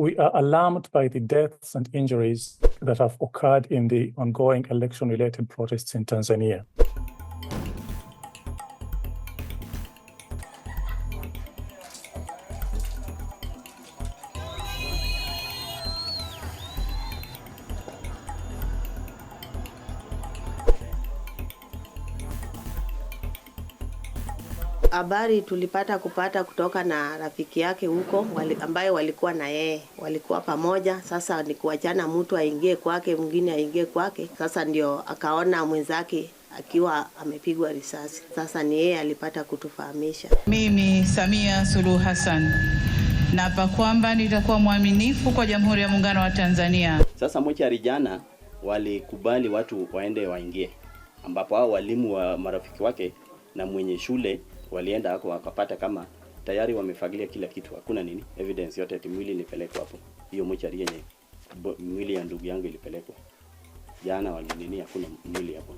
We are alarmed by the deaths and injuries that have occurred in the ongoing election related protests in Tanzania. habari tulipata kupata kutoka na rafiki yake huko wali, ambaye walikuwa na yeye walikuwa pamoja. Sasa ni kuachana, mtu aingie kwake, mwingine aingie kwake. Sasa ndio akaona mwenzake akiwa amepigwa risasi. Sasa ni yeye alipata kutufahamisha. Mimi Samia Suluhu Hassan naapa kwamba nitakuwa mwaminifu kwa Jamhuri ya Muungano wa Tanzania. Sasa mochari jana walikubali watu waende waingie, ambapo hao walimu wa marafiki wake na mwenye shule walienda hako wakapata kama tayari wamefagilia kila kitu, hakuna nini evidence yote, ati mwili ilipelekwa hapo hiyo mochari yenye mwili ya ndugu yangu ilipelekwa jana, walinini, hakuna mwili hapo.